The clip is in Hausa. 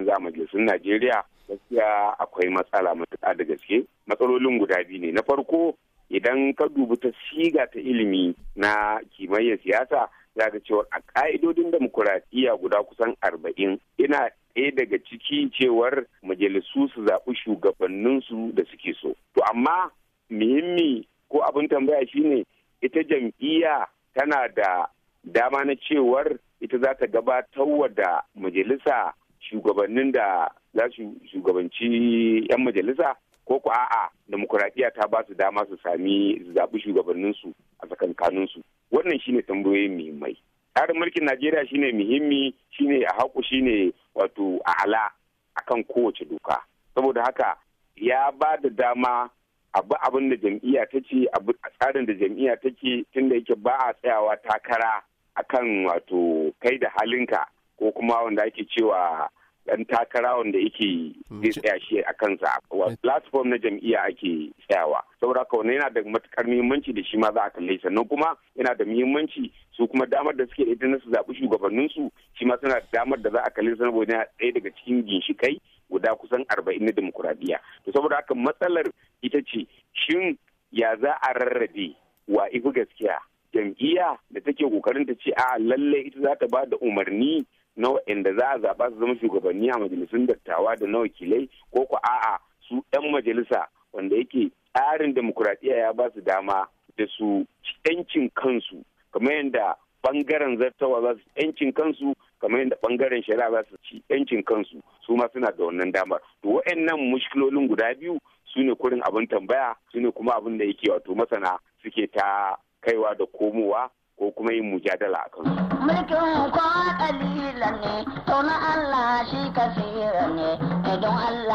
an za majalisun Najeriya gaskiya akwai matsala matuƙa da gaske matsalolin guda biyu ne na farko idan ka dubi ta siga ta ilimi na kimayyar siyasa za ka cewa a ka'idodin demokuraɗiyya guda kusan arba'in ina ɗaya daga ciki cewar majalisu su zaɓi shugabanninsu da suke so to amma muhimmi ko abin tambaya shine ita jam'iyya tana da dama na cewar ita za ta gabatar da majalisa shugabannin da za su shugabanci 'yan majalisa ko ku a'a demokuraɗiyya ta ba su dama su sami zaɓi shugabanninsu a tsakankaninsu wannan shine tambayoyi muhimmai tsarin mulkin najeriya shine muhimmi shine a haku shine wato a ala akan kowace doka saboda haka ya ba da dama abu abin da jam'iyya ta ce a tsarin da jam'iyya take tunda yake ba a tsayawa takara akan wato kai da halinka ko kuma wanda ake cewa dan takara wanda yake hmm. zai tsaya shi a kansa wa hmm. platform na jam'iyya ake tsayawa saboda haka wannan yana da matukar muhimmanci da shi ma za a kalle sannan kuma yana da muhimmanci su kuma damar da suke ita na su zaɓi shugabannin su shi ma suna damar da za a kalle saboda ɗaya daga cikin ginshikai guda kusan arba'in na demokuraɗiyya to saboda haka matsalar ita ce shin ya za a rarrabe wa ifi gaskiya jam'iyya da take kokarin ta ce a lallai ita za ta ba da umarni na waɗanda za a zaɓa su zama shugabanni a majalisun dattawa da na wakilai ko ku a'a su 'yan majalisa wanda yake tsarin demokuraɗiyya ya ba su dama da su yancin kansu kamar yadda bangaren zartawa za su yancin kansu kamar yadda bangaren shari'a za su ci yancin kansu su ma suna da wannan damar to waɗannan mushkilolin guda biyu su ne kurin abin tambaya su ne kuma abin da yake wato masana suke ta kaiwa da komowa ko kuma yin mujadala a kansu. Mulkin kwa kalila ne, to na Allah shi kasira ne, idan Allah